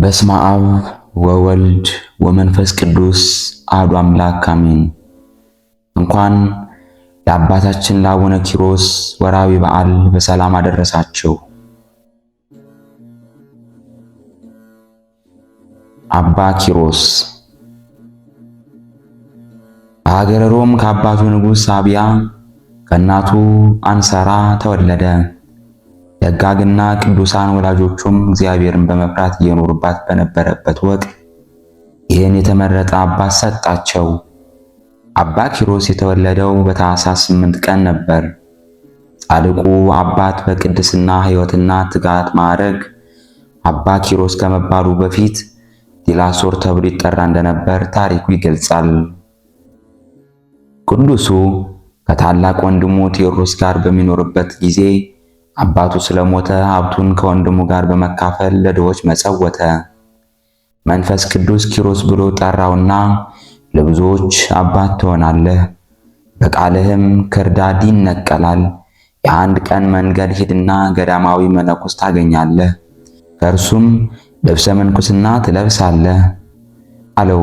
በስመ አብ ወወልድ ወመንፈስ ቅዱስ አሐዱ አምላክ አሜን። እንኳን ለአባታችን ለአቡነ ኪሮስ ወራዊ በዓል በሰላም አደረሳቸው። አባ ኪሮስ በሀገረ ሮም ከአባቱ ንጉሥ ሳቢያ ከእናቱ አንሰራ ተወለደ። ደጋግና ቅዱሳን ወላጆቹም እግዚአብሔርን በመፍራት እየኖሩባት በነበረበት ወቅት ይህን የተመረጠ አባት ሰጣቸው። አባ ኪሮስ የተወለደው በታኅሳስ ስምንት ቀን ነበር። ጻድቁ አባት በቅድስና ሕይወትና ትጋት ማዕረግ አባ ኪሮስ ከመባሉ በፊት ዲላሶር ተብሎ ይጠራ እንደነበር ታሪኩ ይገልጻል። ቅዱሱ ከታላቅ ወንድሙ ቴዎድሮስ ጋር በሚኖርበት ጊዜ አባቱ ስለሞተ ሀብቱን ከወንድሙ ጋር በመካፈል ለድሆች መጸወተ። መንፈስ ቅዱስ ኪሮስ ብሎ ጠራውና ለብዙዎች አባት ትሆናለህ፣ በቃልህም ክርዳድ ይነቀላል። የአንድ ቀን መንገድ ሂድና ገዳማዊ መነኩስ ታገኛለህ፣ ከእርሱም ልብሰ መንኩስና ትለብሳለህ አለው።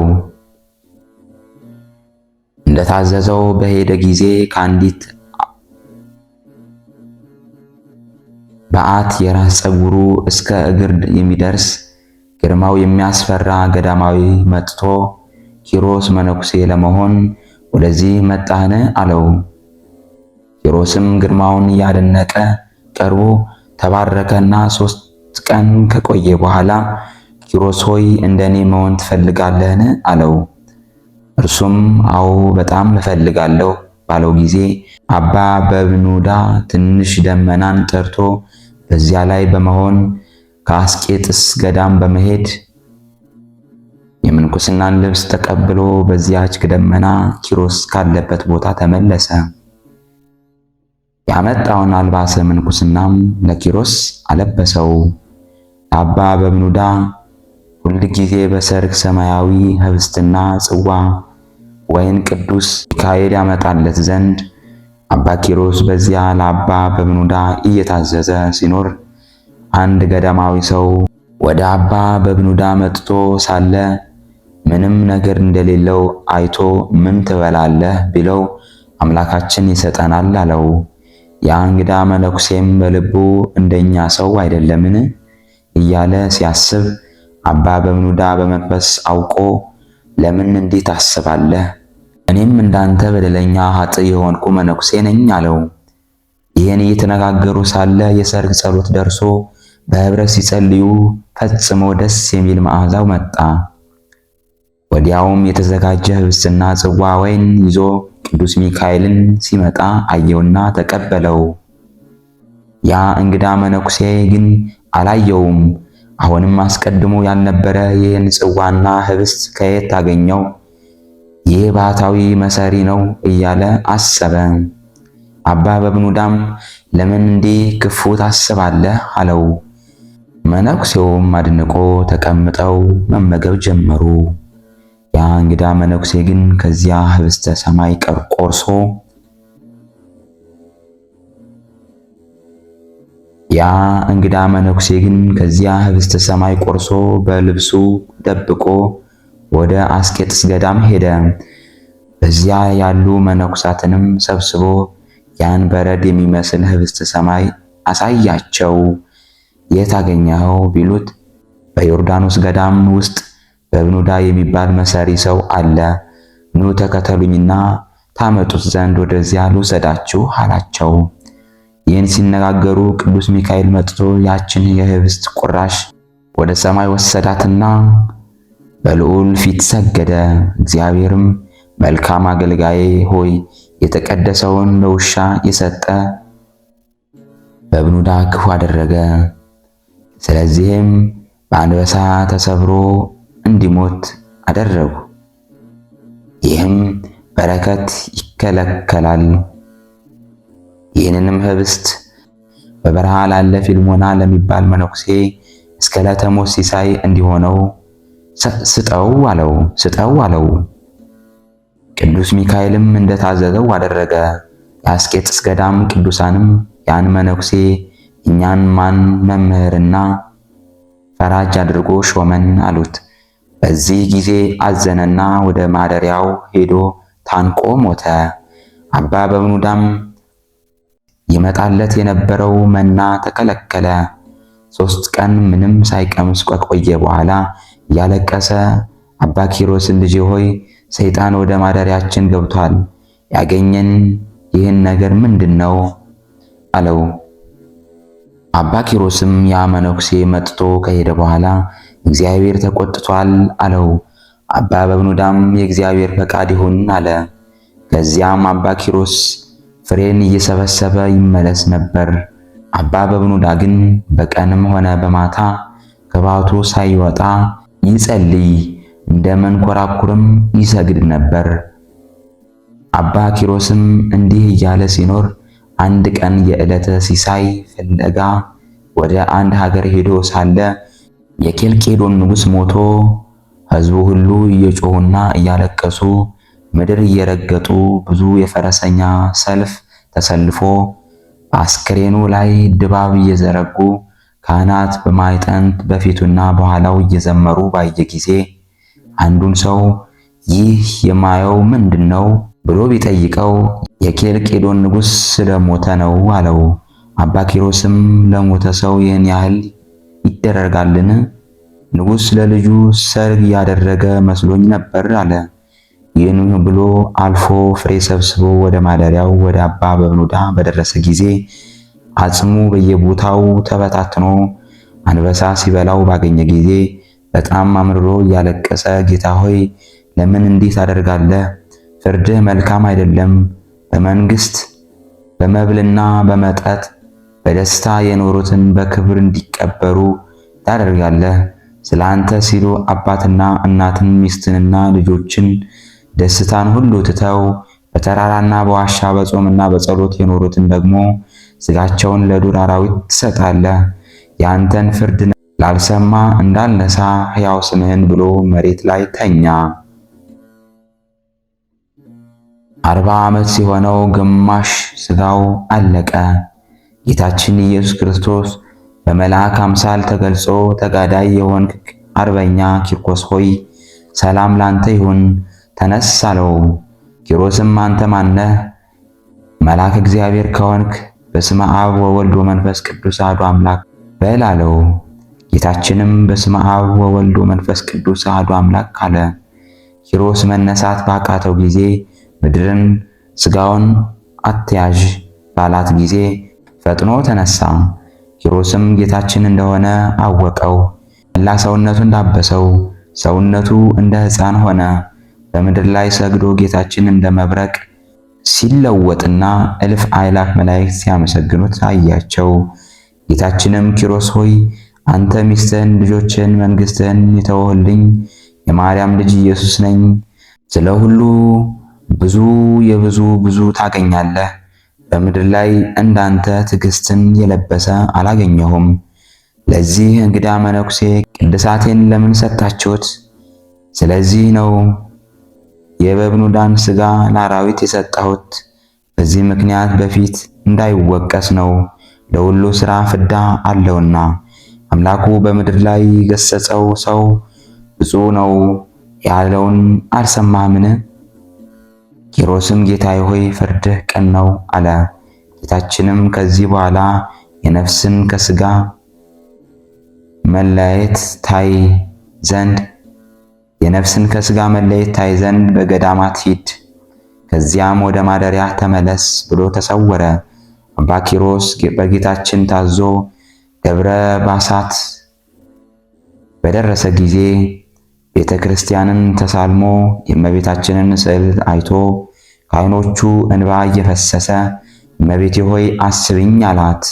እንደታዘዘው በሄደ ጊዜ ከአንዲት በአት የራስ ፀጉሩ እስከ እግር የሚደርስ ግርማው የሚያስፈራ ገዳማዊ መጥቶ ኪሮስ መነኩሴ ለመሆን ወደዚህ መጣህን አለው። ኪሮስም ግርማውን እያደነቀ ቀርቦ ተባረከና ሶስት ቀን ከቆየ በኋላ ኪሮስ ሆይ እንደኔ መሆን ትፈልጋለህን? አለው። እርሱም አዎ በጣም እፈልጋለሁ ባለው ጊዜ አባ በብኑዳ ትንሽ ደመናን ጠርቶ በዚያ ላይ በመሆን ከአስቄጥስ ገዳም በመሄድ የምንኩስናን ልብስ ተቀብሎ በዚያች ደመና ኪሮስ ካለበት ቦታ ተመለሰ። ያመጣውን አልባሰ ምንኩስናም ለኪሮስ አለበሰው። አባ በብኑዳ ሁልጊዜ በሰርክ ሰማያዊ ህብስትና ጽዋ ወይን ቅዱስ ሚካኤል ያመጣለት ዘንድ አባ ኪሮስ በዚያ ለአባ በብኑዳ እየታዘዘ ሲኖር አንድ ገዳማዊ ሰው ወደ አባ በብኑዳ መጥቶ ሳለ ምንም ነገር እንደሌለው አይቶ ምን ትበላለህ ቢለው አምላካችን ይሰጠናል አለው። ያ እንግዳ መነኩሴም በልቡ እንደኛ ሰው አይደለምን እያለ ሲያስብ አባ በብኑዳ በመንፈስ አውቆ ለምን እንዲህ ታስባለህ እኔም እንዳንተ በደለኛ ኃጥ የሆንኩ መነኩሴ ነኝ አለው። ይህን እየተነጋገሩ ሳለ የሰርግ ጸሎት ደርሶ በህብረት ሲጸልዩ ፈጽሞ ደስ የሚል መዓዛው መጣ። ወዲያውም የተዘጋጀ ህብስትና ጽዋ ወይን ይዞ ቅዱስ ሚካኤልን ሲመጣ አየውና ተቀበለው። ያ እንግዳ መነኩሴ ግን አላየውም። አሁንም አስቀድሞ ያልነበረ ይህን ጽዋና ህብስት ከየት አገኘው? ይህ ባህታዊ መሰሪ ነው እያለ አሰበ። አባ በብኑዳም ለምን እንዲህ ክፉ ታስባለህ አለው። መነኩሴውም አድንቆ ተቀምጠው መመገብ ጀመሩ። ያ እንግዳ መነኩሴ ግን ከዚያ ህብስተ ሰማይ ቆርሶ ያ እንግዳ መነኩሴ ግን ከዚያ ህብስተ ሰማይ ቆርሶ በልብሱ ደብቆ ወደ አስቄጥስ ገዳም ሄደ። በዚያ ያሉ መነኩሳትንም ሰብስቦ ያን በረድ የሚመስል ህብስት ሰማይ አሳያቸው። የት አገኘኸው ቢሉት በዮርዳኖስ ገዳም ውስጥ በብኑዳ የሚባል መሰሪ ሰው አለ። ኑ ተከተሉኝና ታመጡት ዘንድ ወደዚያ ልውሰዳችሁ አላቸው። ይህን ሲነጋገሩ ቅዱስ ሚካኤል መጥቶ ያችን የህብስት ቁራሽ ወደ ሰማይ ወሰዳትና በልዑል ፊት ሰገደ። እግዚአብሔርም መልካም አገልጋዬ ሆይ የተቀደሰውን ለውሻ የሰጠ በብኑዳ ክፉ አደረገ። ስለዚህም በአንበሳ ተሰብሮ እንዲሞት አደረጉ። ይህም በረከት ይከለከላል። ይህንንም ህብስት በበረሃ ላለ ፊልሞና ለሚባል መነኩሴ እስከ ዕለተ ሞት ሲሳይ እንዲሆነው ስጠው አለው ስጠው አለው። ቅዱስ ሚካኤልም እንደታዘዘው አደረገ። የአስቄጥስ ገዳም ቅዱሳንም ያን መነኩሴ እኛን ማን መምህርና ፈራጅ አድርጎ ሾመን አሉት። በዚህ ጊዜ አዘነና ወደ ማደሪያው ሄዶ ታንቆ ሞተ። አባ በብኑዳም ይመጣለት የነበረው መና ተከለከለ። ሶስት ቀን ምንም ሳይቀምስ ከቆየ በኋላ እያለቀሰ አባ ኪሮስን ልጄ ሆይ ሰይጣን ወደ ማደሪያችን ገብቷል፣ ያገኘን ይህን ነገር ምንድን ነው አለው። አባ ኪሮስም ያ መነኩሴ መጥቶ ከሄደ በኋላ እግዚአብሔር ተቆጥቷል አለው። አባ በብኑዳም የእግዚአብሔር ፈቃድ ይሁን አለ። ከዚያም አባ ኪሮስ ፍሬን እየሰበሰበ ይመለስ ነበር። አባ በብኑዳ ግን በቀንም ሆነ በማታ ከባቱ ሳይወጣ ይጸልይ እንደ መንኮራኩርም ይሰግድ ነበር። አባ ኪሮስም እንዲህ እያለ ሲኖር አንድ ቀን የዕለተ ሲሳይ ፍለጋ ወደ አንድ ሀገር ሄዶ ሳለ የኬልቄዶን ንጉሥ ሞቶ ሕዝቡ ሁሉ እየጮሁና እያለቀሱ ምድር እየረገጡ ብዙ የፈረሰኛ ሰልፍ ተሰልፎ አስክሬኑ ላይ ድባብ እየዘረጉ ካህናት በማይጠንት በፊቱና በኋላው እየዘመሩ ባየ ጊዜ አንዱን ሰው ይህ የማየው ምንድነው ብሎ ቢጠይቀው የኬልቄዶን ንጉሥ ስለሞተ ነው አለው። አባ ኪሮስም ለሞተ ሰው ይህን ያህል ይደረጋልን? ንጉሥ ለልጁ ሰርግ ያደረገ መስሎኝ ነበር አለ። ይህን ብሎ አልፎ ፍሬ ሰብስቦ ወደ ማደሪያው ወደ አባ በብኑዳ በደረሰ ጊዜ አጽሙ በየቦታው ተበታትኖ አንበሳ ሲበላው ባገኘ ጊዜ በጣም አምርሮ እያለቀሰ ጌታ ሆይ ለምን እንዲህ ታደርጋለህ? ፍርድህ መልካም አይደለም። በመንግስት በመብልና በመጠጥ በደስታ የኖሩትን በክብር እንዲቀበሩ ታደርጋለህ። ስለ አንተ ሲሉ አባትና እናትን ሚስትንና ልጆችን ደስታን ሁሉ ትተው በተራራና በዋሻ በጾምና በጸሎት የኖሩትን ደግሞ ስጋቸውን ለዱር አራዊት ትሰጣለህ። የአንተን ፍርድ ላልሰማ እንዳልነሳ ሕያው ስምህን ብሎ መሬት ላይ ተኛ። አርባ ዓመት ሲሆነው ግማሽ ስጋው አለቀ። ጌታችን ኢየሱስ ክርስቶስ በመልአክ አምሳል ተገልጾ ተጋዳይ የሆንክ አርበኛ ኪርኮስ ሆይ ሰላም ላንተ ይሁን፣ ተነስ አለው። ኪሮስም አንተ ማነህ? መልአክ እግዚአብሔር ከሆንክ በስመ አብ ወወልድ ወመንፈስ ቅዱስ አሐዱ አምላክ በል አለው። ጌታችንም በስመ አብ ወወልድ ወመንፈስ ቅዱስ አሐዱ አምላክ አለ። ኪሮስ መነሳት ባቃተው ጊዜ ምድርን ስጋውን አትያዥ ባላት ጊዜ ፈጥኖ ተነሳ። ኪሮስም ጌታችን እንደሆነ አወቀው። መላ ሰውነቱን ዳበሰው። ሰውነቱ እንደ ሕፃን ሆነ። በምድር ላይ ሰግዶ ጌታችን እንደ መብረቅ ሲለወጥና እልፍ አእላፍ መላእክት ሲያመሰግኑት አያቸው። ጌታችንም ኪሮስ ሆይ አንተ ሚስትህን፣ ልጆችን መንግስትህን የተወህልኝ የማርያም ልጅ ኢየሱስ ነኝ። ስለ ሁሉ ብዙ የብዙ ብዙ ታገኛለህ። በምድር ላይ እንዳንተ ትዕግስትን የለበሰ አላገኘሁም። ለዚህ እንግዳ መነኩሴ ቅድሳቴን ለምን ሰጣችሁት? ስለዚህ ነው የበብኑዳን ስጋ ለአራዊት የሰጠሁት በዚህ ምክንያት በፊት እንዳይወቀስ ነው፣ ለሁሉ ስራ ፍዳ አለውና። አምላኩ በምድር ላይ የገሰጸው ሰው ብፁዕ ነው ያለውን አልሰማምን? ኪሮስም ጌታዬ ሆይ ፍርድህ ቅን ነው አለ። ጌታችንም ከዚህ በኋላ የነፍስን ከስጋ መለያየት ታይ ዘንድ የነፍስን ከስጋ መለየት ታይ ዘንድ በገዳማት ሂድ፣ ከዚያም ወደ ማደሪያ ተመለስ ብሎ ተሰወረ። አባ ኪሮስ በጌታችን ታዞ ደብረ ባሳት በደረሰ ጊዜ ቤተ ክርስቲያንን ተሳልሞ የእመቤታችንን ስዕል አይቶ ከዓይኖቹ እንባ እየፈሰሰ እመቤቴ ሆይ አስብኝ አላት።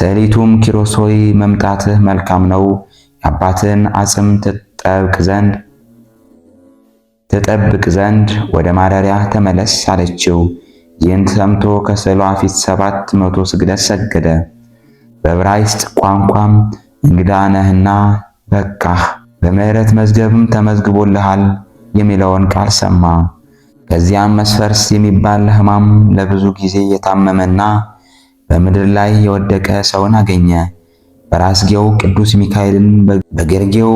ስዕሊቱም ኪሮስ ሆይ መምጣትህ መልካም ነው፣ የአባትን አጽም ጠብቅ ዘንድ ትጠብቅ ዘንድ ወደ ማደሪያ ተመለስ አለችው። ይህን ሰምቶ ከስዕሏ ፊት ሰባት መቶ ስግደት ሰገደ። በዕብራይስጥ ቋንቋም እንግዳ ነህና በቃህ በምሕረት መዝገብም ተመዝግቦልሃል የሚለውን ቃል ሰማ። ከዚያም መስፈርስ የሚባል ሕማም ለብዙ ጊዜ የታመመና በምድር ላይ የወደቀ ሰውን አገኘ። በራስጌው ቅዱስ ሚካኤልን በግርጌው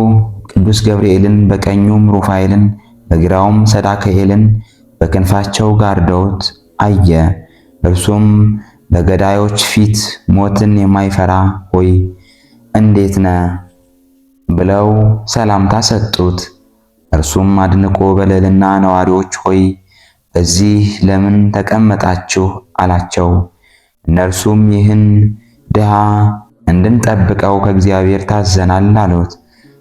ቅዱስ ገብርኤልን በቀኙም ሩፋኤልን በግራውም ሰዳከኤልን በክንፋቸው ጋርደውት አየ። እርሱም በገዳዮች ፊት ሞትን የማይፈራ ሆይ እንዴት ነ ብለው ሰላምታ ሰጡት። እርሱም አድንቆ በለልና ነዋሪዎች ሆይ በዚህ ለምን ተቀመጣችሁ አላቸው። እነርሱም ይህን ድሃ እንድንጠብቀው ከእግዚአብሔር ታዘናል አሉት።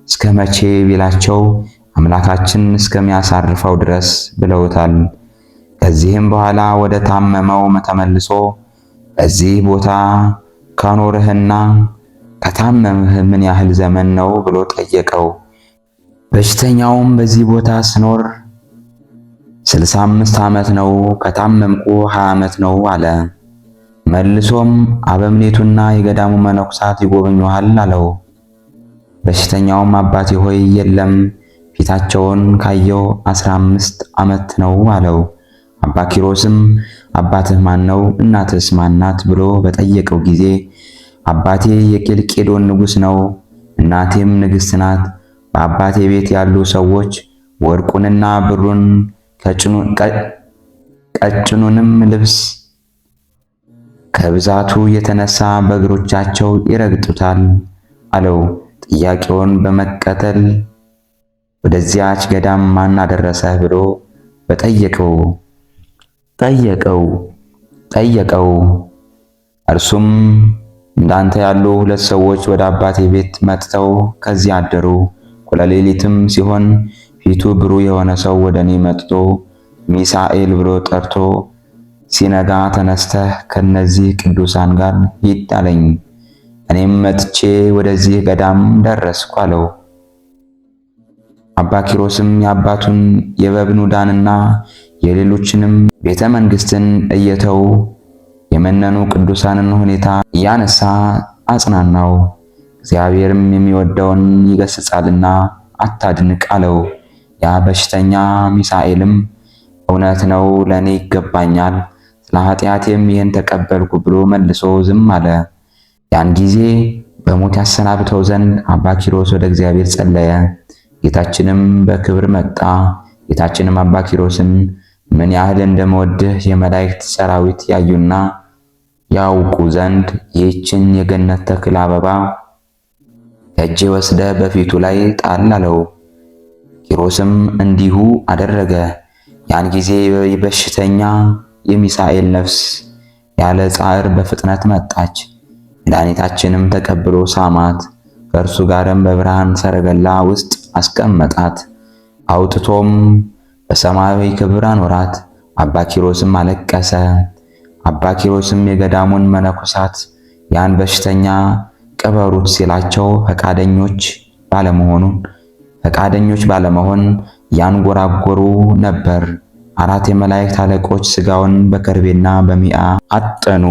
እስከ መቼ ቢላቸው አምላካችን እስከሚያሳርፈው ድረስ ብለውታል። ከዚህም በኋላ ወደ ታመመው ተመልሶ በዚህ ቦታ ካኖርህና ከታመምህ ምን ያህል ዘመን ነው ብሎ ጠየቀው። በሽተኛውም በዚህ ቦታ ስኖር ስልሳ አምስት ዓመት ነው፣ ከታመምኩ ሀያ ዓመት ነው አለ። መልሶም አበምኔቱና የገዳሙ መነኩሳት ይጎበኙሃል አለው። በሽተኛውም አባቴ ሆይ የለም ፊታቸውን ካየው አስራ አምስት ዓመት ነው አለው። አባ ኪሮስም አባትህ ማን ነው? እናትህስ ማናት? ናት? ብሎ በጠየቀው ጊዜ አባቴ የኬልቄዶን ንጉሥ ነው፣ እናቴም ንግሥት ናት። በአባቴ ቤት ያሉ ሰዎች ወርቁንና ብሩን ቀጭኑንም ልብስ ከብዛቱ የተነሳ በእግሮቻቸው ይረግጡታል አለው። ጥያቄውን በመቀጠል ወደዚያች ገዳም ማን አደረሰህ ብሎ በጠየቀው ጠየቀው ጠየቀው እርሱም እንዳንተ ያሉ ሁለት ሰዎች ወደ አባቴ ቤት መጥተው ከዚያ አደሩ። ኩለሌሊትም ሲሆን ፊቱ ብሩህ የሆነ ሰው ወደ እኔ መጥቶ ሚሳኤል ብሎ ጠርቶ ሲነጋ ተነስተህ ከነዚህ ቅዱሳን ጋር ሂድ አለኝ። እኔም መጥቼ ወደዚህ ገዳም ደረስኩ አለው። አባ ኪሮስም የአባቱን የበብኑዳንና የሌሎችንም ቤተ መንግስትን እየተው የመነኑ ቅዱሳንን ሁኔታ እያነሳ አጽናናው። እግዚአብሔርም የሚወደውን ይገስጻልና አታድንቅ አለው። ያ በሽተኛ ሚሳኤልም እውነት ነው፣ ለእኔ ይገባኛል፣ ስለ ኃጢአቴም ይህን ተቀበልኩ ብሎ መልሶ ዝም አለ። ያን ጊዜ በሞት ያሰናብተው ዘንድ አባ ኪሮስ ወደ እግዚአብሔር ጸለየ። ጌታችንም በክብር መጣ። ጌታችንም አባ ኪሮስን ምን ያህል እንደመወድህ የመላእክት ሰራዊት ያዩና ያውቁ ዘንድ ይህችን የገነት ተክል አበባ ከእጄ ወስደ በፊቱ ላይ ጣል አለው። ኪሮስም እንዲሁ አደረገ። ያን ጊዜ በሽተኛ የሚሳኤል ነፍስ ያለ ጻዕር በፍጥነት መጣች። መድኃኒታችንም ተቀብሎ ሳማት፣ ከእርሱ ጋርም በብርሃን ሰረገላ ውስጥ አስቀመጣት። አውጥቶም በሰማያዊ ክብር አኖራት። አባ ኪሮስም አለቀሰ። አባ ኪሮስም የገዳሙን መነኮሳት ያን በሽተኛ ቅበሩት ሲላቸው ፈቃደኞች ባለመሆኑ ፈቃደኞች ባለመሆን ያንጎራጎሩ ነበር። አራት የመላእክት አለቆች ስጋውን በከርቤና በሚአ አጠኑ።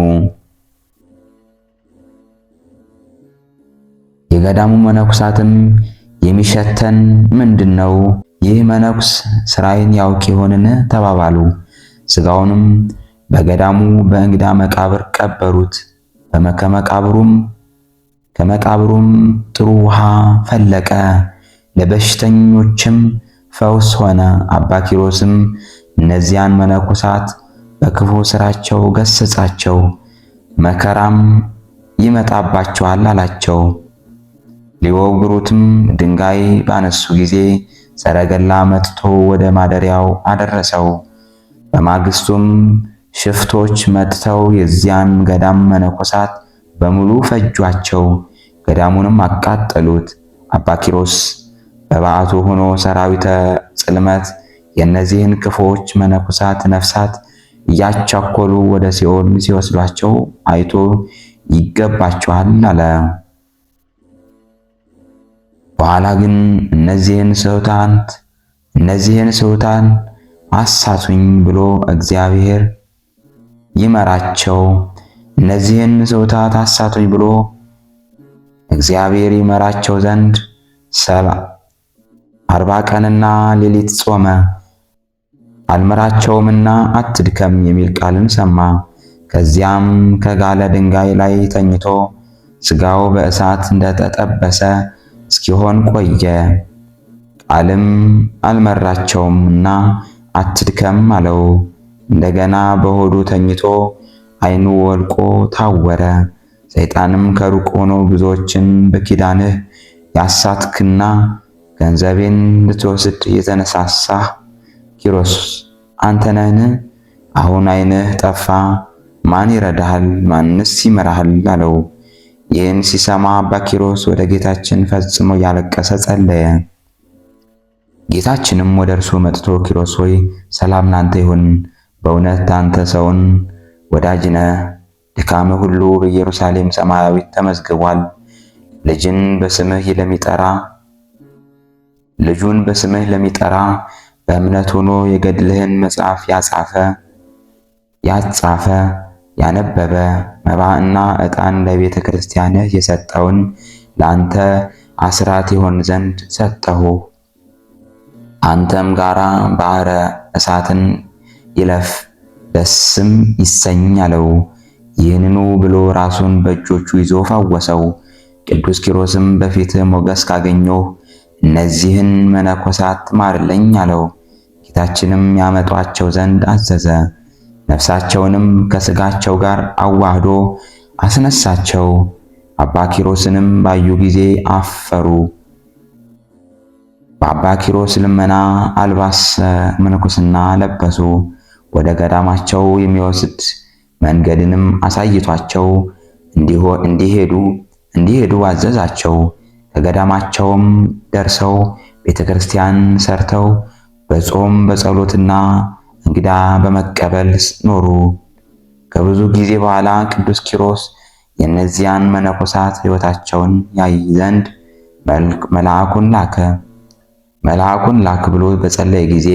የገዳሙ መነኩሳትም የሚሸተን ምንድን ነው? ይህ መነኩስ ስራይን ያውቅ ይሆንን? ተባባሉ። ስጋውንም በገዳሙ በእንግዳ መቃብር ቀበሩት። በመከመቃብሩም ከመቃብሩም ጥሩ ውሃ ፈለቀ፣ ለበሽተኞችም ፈውስ ሆነ። አባ ኪሮስም እነዚያን መነኮሳት በክፉ ስራቸው ገሰጻቸው፣ መከራም ይመጣባቸዋል አላቸው። ሊወግሩትም ድንጋይ ባነሱ ጊዜ ሰረገላ መጥቶ ወደ ማደሪያው አደረሰው። በማግስቱም ሽፍቶች መጥተው የዚያን ገዳም መነኮሳት በሙሉ ፈጇቸው፣ ገዳሙንም አቃጠሉት። አባ ኪሮስ በበዓቱ ሆኖ ሰራዊተ ጽልመት የእነዚህን ክፎች መነኮሳት ነፍሳት እያቻኮሉ ወደ ሲኦል ሲወስዷቸው አይቶ ይገባቸዋል አለ። በኋላ ግን እነዚህን ሰውታን እነዚህን ሰውታን አሳቱኝ ብሎ እግዚአብሔር ይመራቸው እነዚህን ሰውታት አሳቱኝ ብሎ እግዚአብሔር ይመራቸው ዘንድ ሰባ አርባ ቀንና ሌሊት ጾመ። አልመራቸውምና አትድከም የሚል ቃልን ሰማ። ከዚያም ከጋለ ድንጋይ ላይ ተኝቶ ስጋው በእሳት እንደተጠበሰ እስኪሆን ቆየ። ቃልም አልመራቸውም እና አትድከም አለው። እንደገና በሆዱ ተኝቶ ዓይኑ ወልቆ ታወረ። ሰይጣንም ከሩቅ ሆኖ ብዙዎችን በኪዳንህ ያሳትክና ገንዘቤን ልትወስድ የተነሳሳህ ኪሮስ አንተ ነህን? አሁን ዓይንህ ጠፋ፣ ማን ይረዳሃል? ማንስ ይመራሃል? አለው። ይህን ሲሰማ አባ ኪሮስ ወደ ጌታችን ፈጽሞ እያለቀሰ ጸለየ። ጌታችንም ወደ እርሱ መጥቶ ኪሮስ ሆይ ሰላም ላንተ ይሁን፣ በእውነት አንተ ሰውን ወዳጅነ፣ ድካም ሁሉ በኢየሩሳሌም ሰማያዊት ተመዝግቧል። ልጅን በስምህ ለሚጠራ ልጁን በስምህ ለሚጠራ በእምነት ሆኖ የገድልህን መጽሐፍ ያጻፈ ያጻፈ ያነበበ መባዕና ዕጣን ለቤተ ክርስቲያንህ የሰጠውን ለአንተ አስራት ይሆን ዘንድ ሰጠሁ። አንተም ጋራ ባሕረ እሳትን ይለፍ ደስም ይሰኝ አለው። ይህንኑ ብሎ ራሱን በእጆቹ ይዞ ፈወሰው። ቅዱስ ኪሮስም በፊት ሞገስ ካገኘሁ እነዚህን መነኮሳት ማርለኝ አለው። ጌታችንም ያመጧቸው ዘንድ አዘዘ። ነፍሳቸውንም ከስጋቸው ጋር አዋህዶ አስነሳቸው። አባ ኪሮስንም ባዩ ጊዜ አፈሩ። በአባ ኪሮስ ልመና አልባሰ ምንኩስና ለበሱ። ወደ ገዳማቸው የሚወስድ መንገድንም አሳይቷቸው እንዲሄዱ እንዲሄዱ አዘዛቸው። ከገዳማቸውም ደርሰው ቤተክርስቲያን ሰርተው በጾም በጸሎትና እንግዳ በመቀበል ኖሩ። ከብዙ ጊዜ በኋላ ቅዱስ ኪሮስ የእነዚያን መነኮሳት ሕይወታቸውን ያይ ዘንድ መልአኩን ላከ። መልአኩን ላክ ብሎ በጸለየ ጊዜ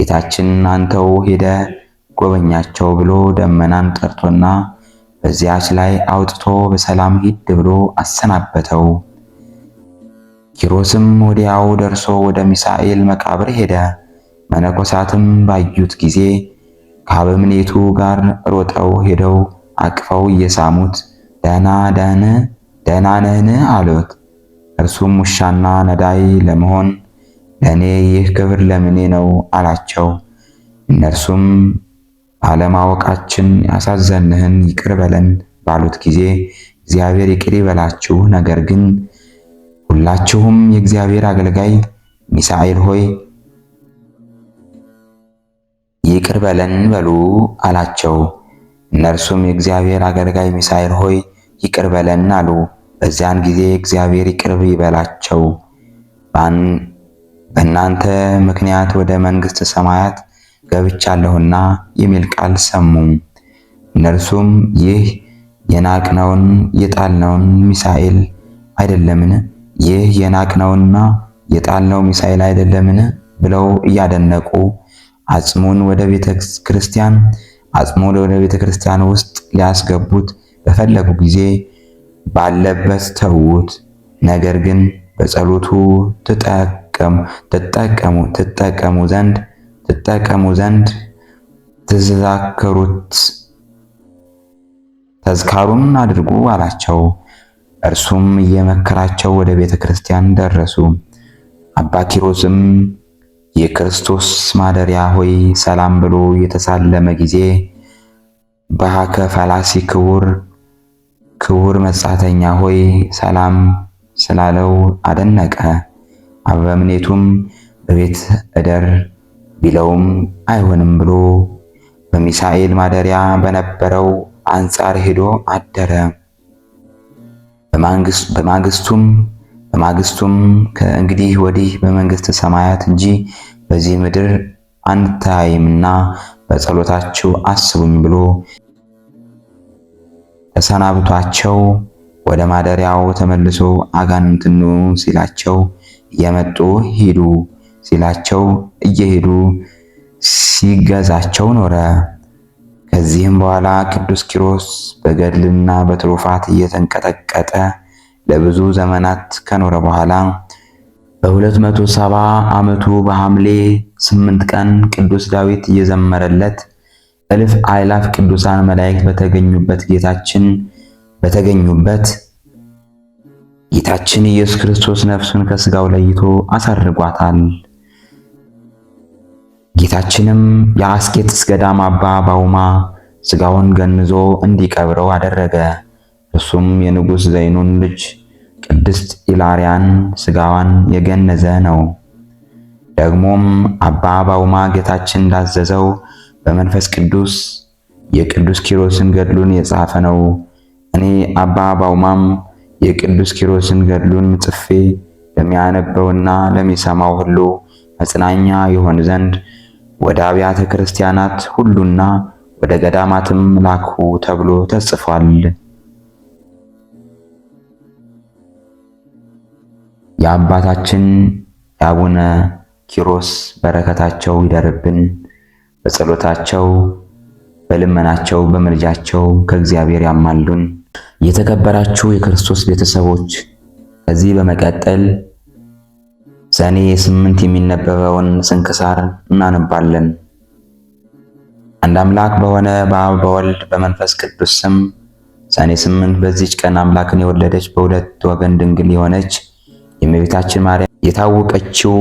ጌታችን አንተው ሄደ ጎበኛቸው ብሎ ደመናን ጠርቶና በዚያች ላይ አውጥቶ በሰላም ሂድ ብሎ አሰናበተው። ኪሮስም ወዲያው ደርሶ ወደ ሚሳኤል መቃብር ሄደ። መነኮሳትም ባዩት ጊዜ ከአበምኔቱ ጋር ሮጠው ሄደው አቅፈው እየሳሙት ደህና ደህን ደህና ነህን አሉት። እርሱም ውሻና ነዳይ ለመሆን ለእኔ ይህ ክብር ለምኔ ነው አላቸው። እነርሱም ባለማወቃችን ያሳዘንህን ይቅር በለን ባሉት ጊዜ እግዚአብሔር ይቅር ይበላችሁ፣ ነገር ግን ሁላችሁም የእግዚአብሔር አገልጋይ ሚሳኤል ሆይ ይቅር በለን በሉ አላቸው። እነርሱም የእግዚአብሔር አገልጋይ ሚሳኤል ሆይ ይቅር በለን አሉ። በዚያን ጊዜ እግዚአብሔር ይቅር ይበላቸው፣ በእናንተ ምክንያት ወደ መንግሥተ ሰማያት ገብቻለሁና የሚል ቃል ሰሙ። እነርሱም ይህ የናቅነውን የጣልነውን ሚሳኤል አይደለምን? ይህ የናቅነውና የጣልነው ሚሳኤል አይደለምን? ብለው እያደነቁ አጽሙን ወደ ቤተ ክርስቲያን አጽሙን ወደ ቤተ ክርስቲያን ውስጥ ሊያስገቡት በፈለጉ ጊዜ ባለበት ተዉት። ነገር ግን በጸሎቱ ትጠቀሙ ዘንድ ትጠቀሙ ዘንድ ትዘክሩት ተዝካሩን አድርጉ አላቸው። እርሱም እየመከራቸው ወደ ቤተ ክርስቲያን ደረሱ። አባ ኪሮስም የክርስቶስ ማደሪያ ሆይ ሰላም ብሎ የተሳለመ ጊዜ በሃከ ፈላሲ ክቡር ክቡር መጻተኛ ሆይ ሰላም ስላለው አደነቀ። አበምኔቱም በቤት እደር ቢለውም አይሆንም ብሎ በሚሳኤል ማደሪያ በነበረው አንጻር ሄዶ አደረ። በማንግስቱም በማግስቱም ከእንግዲህ ወዲህ በመንግስት ሰማያት እንጂ በዚህ ምድር አንታይምና በጸሎታችሁ አስቡኝ ብሎ ተሰናብቷቸው ወደ ማደሪያው ተመልሶ አጋንንትኑ ሲላቸው እየመጡ ሂዱ ሲላቸው እየሄዱ ሲገዛቸው ኖረ። ከዚህም በኋላ ቅዱስ ኪሮስ በገድልና በትሩፋት እየተንቀጠቀጠ ለብዙ ዘመናት ከኖረ በኋላ በ270 ዓመቱ በሐምሌ 8 ቀን ቅዱስ ዳዊት እየዘመረለት እልፍ አይላፍ ቅዱሳን መላእክት በተገኙበት ጌታችን በተገኙበት ጌታችን ኢየሱስ ክርስቶስ ነፍሱን ከስጋው ለይቶ አሳርጓታል። ጌታችንም የአስቄጥስ ገዳም አባ ባውማ ስጋውን ገንዞ እንዲቀብረው አደረገ። እሱም የንጉሥ ዘይኑን ልጅ ቅድስት ኢላሪያን ሥጋዋን የገነዘ ነው። ደግሞም አባ ባውማ ጌታችን እንዳዘዘው በመንፈስ ቅዱስ የቅዱስ ኪሮስን ገድሉን የጻፈ ነው። እኔ አባ ባውማም የቅዱስ ኪሮስን ገድሉን ጽፌ ለሚያነበውና ለሚሰማው ሁሉ መጽናኛ ይሆን ዘንድ ወደ አብያተ ክርስቲያናት ሁሉና ወደ ገዳማትም ላኩ ተብሎ ተጽፏል። የአባታችን የአቡነ ኪሮስ በረከታቸው ይደርብን። በጸሎታቸው በልመናቸው በምልጃቸው ከእግዚአብሔር ያማሉን። የተከበራችሁ የክርስቶስ ቤተሰቦች ከዚህ በመቀጠል ሰኔ ስምንት የሚነበበውን ስንክሳር እናነባለን። አንድ አምላክ በሆነ በአብ በወልድ በመንፈስ ቅዱስ ስም ሰኔ ስምንት በዚች ቀን አምላክን የወለደች በሁለት ወገን ድንግል የሆነች የእመቤታችን ማርያም የታወቀችው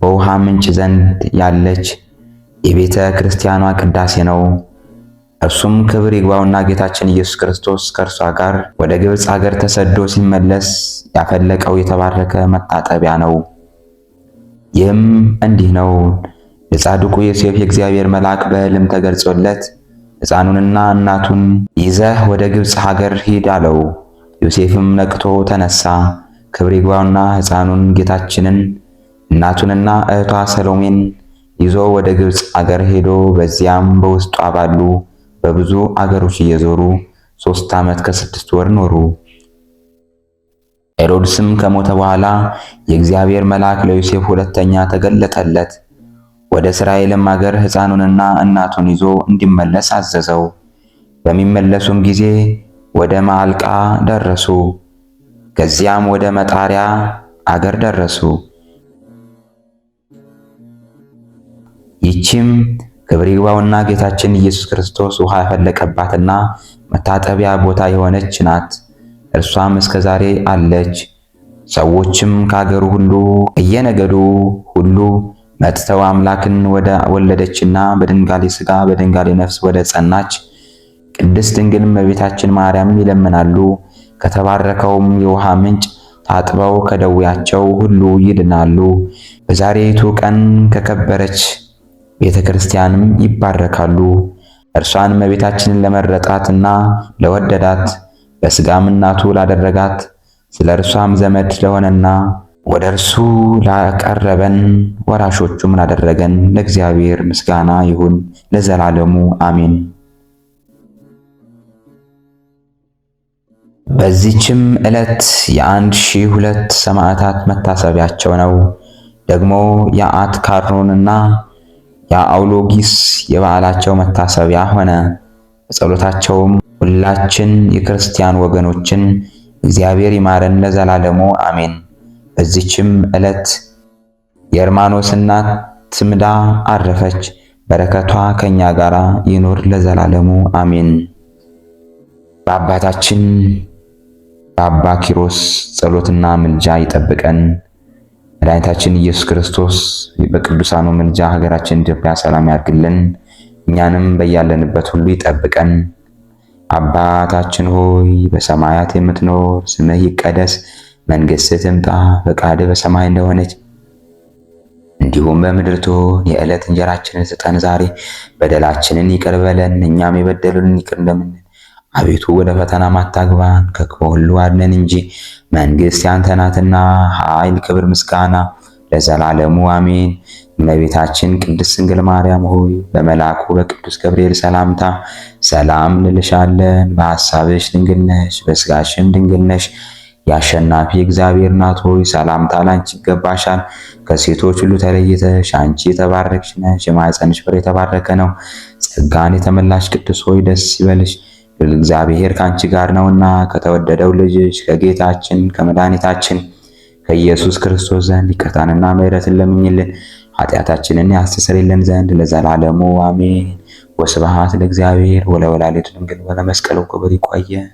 በውሃ ምንጭ ዘንድ ያለች የቤተ ክርስቲያኗ ቅዳሴ ነው። እርሱም ክብር ይግባውና ጌታችን ኢየሱስ ክርስቶስ ከእርሷ ጋር ወደ ግብፅ አገር ተሰዶ ሲመለስ ያፈለቀው የተባረከ መታጠቢያ ነው። ይህም እንዲህ ነው። ለጻድቁ ዮሴፍ የእግዚአብሔር መልአክ በሕልም ተገልጾለት ሕፃኑንና እናቱን ይዘህ ወደ ግብፅ ሀገር ሂድ አለው። ዮሴፍም ነቅቶ ተነሳ። ክብር ይግባውና ሕፃኑን ጌታችንን እናቱንና እህቷ ሰሎሜን ይዞ ወደ ግብፅ አገር ሄዶ በዚያም በውስጧ ባሉ በብዙ አገሮች እየዞሩ ሶስት ዓመት ከስድስት ወር ኖሩ። ሄሮድስም ከሞተ በኋላ የእግዚአብሔር መልአክ ለዮሴፍ ሁለተኛ ተገለጠለት። ወደ እስራኤልም አገር ሕፃኑንና እናቱን ይዞ እንዲመለስ አዘዘው። በሚመለሱም ጊዜ ወደ ማልቃ ደረሱ። ከዚያም ወደ መጣሪያ አገር ደረሱ። ይቺም ክብር ይግባውና ጌታችን ኢየሱስ ክርስቶስ ውሃ ያፈለቀባትና መታጠቢያ ቦታ የሆነች ናት። እርሷም እስከዛሬ አለች። ሰዎችም ከአገሩ ሁሉ እየነገዱ ሁሉ መጥተው አምላክን ወደ ወለደችና በድንጋሌ ሥጋ በድንጋሌ ነፍስ ወደ ጸናች ቅድስት ድንግል እመቤታችን ማርያም ይለምናሉ። ከተባረከውም የውሃ ምንጭ ታጥበው ከደዌያቸው ሁሉ ይድናሉ። በዛሬቱ ቀን ከከበረች ቤተ ክርስቲያንም ይባረካሉ። እርሷን እመቤታችንን ለመረጣትና ለወደዳት በስጋም እናቱ ላደረጋት ስለ እርሷም ዘመድ ለሆነና ወደ እርሱ ላቀረበን ወራሾቹም ላደረገን ለእግዚአብሔር ምስጋና ይሁን ለዘላለሙ አሜን። በዚችም ዕለት የአንድ ሺህ ሁለት ሰማዕታት መታሰቢያቸው ነው። ደግሞ ካርኖንና የአውሎጊስ የበዓላቸው መታሰቢያ ሆነ። በጸሎታቸውም ሁላችን የክርስቲያን ወገኖችን እግዚአብሔር ይማረን ለዘላለሙ አሜን። በዚችም ዕለት የእርማኖስ እናት ትምዳ አረፈች። በረከቷ ከኛ ጋር ይኑር ለዘላለሙ አሜን። በአባታችን በአባ ኪሮስ ጸሎትና ምልጃ ይጠብቀን። መድኃኒታችን ኢየሱስ ክርስቶስ በቅዱሳኑ ምልጃ ሀገራችን ኢትዮጵያ ሰላም ያድርግልን፣ እኛንም በያለንበት ሁሉ ይጠብቀን። አባታችን ሆይ በሰማያት የምትኖር ስምህ ይቀደስ፣ መንግሥትህ ትምጣ፣ ፈቃድህ በሰማይ እንደሆነች እንዲሁም በምድር ትሁን። የዕለት እንጀራችንን ስጠን ዛሬ፣ በደላችንን ይቅር በለን እኛም የበደሉንን ይቅር እንደምን አቤቱ ወደ ፈተና ማታግባን ከክፉ ሁሉ አድነን እንጂ መንግሥት ያንተ ናትና፣ ኃይል፣ ክብር፣ ምስጋና ለዘላለሙ አሜን። እመቤታችን ቅድስት ድንግል ማርያም ሆይ በመልአኩ በቅዱስ ገብርኤል ሰላምታ ሰላም እንልሻለን። በሐሳብሽ ድንግል ነሽ፣ በሥጋሽም ድንግል ነሽ። የአሸናፊ እግዚአብሔር እናት ሆይ ሰላምታ ላንቺ ይገባሻል። ከሴቶች ሁሉ ተለይተሽ አንቺ የተባረክሽ ነሽ፣ የማኅፀንሽ ፍሬ የተባረከ ነው። ጸጋን የተመላሽ ቅዱስ ሆይ ደስ ይበልሽ እግዚአብሔር ካንቺ ጋር ነውና ከተወደደው ልጅሽ ከጌታችን ከመድኃኒታችን ከኢየሱስ ክርስቶስ ዘንድ ይቅርታንና ምሕረትን ለምኝልን ኃጢአታችንን ያስተሰርይልን ዘንድ ለዘላለሙ አሜን። ወስብሐት ለእግዚአብሔር ወለወላዲቱ ድንግል ወለመስቀሉ ክቡር። ይቆየን።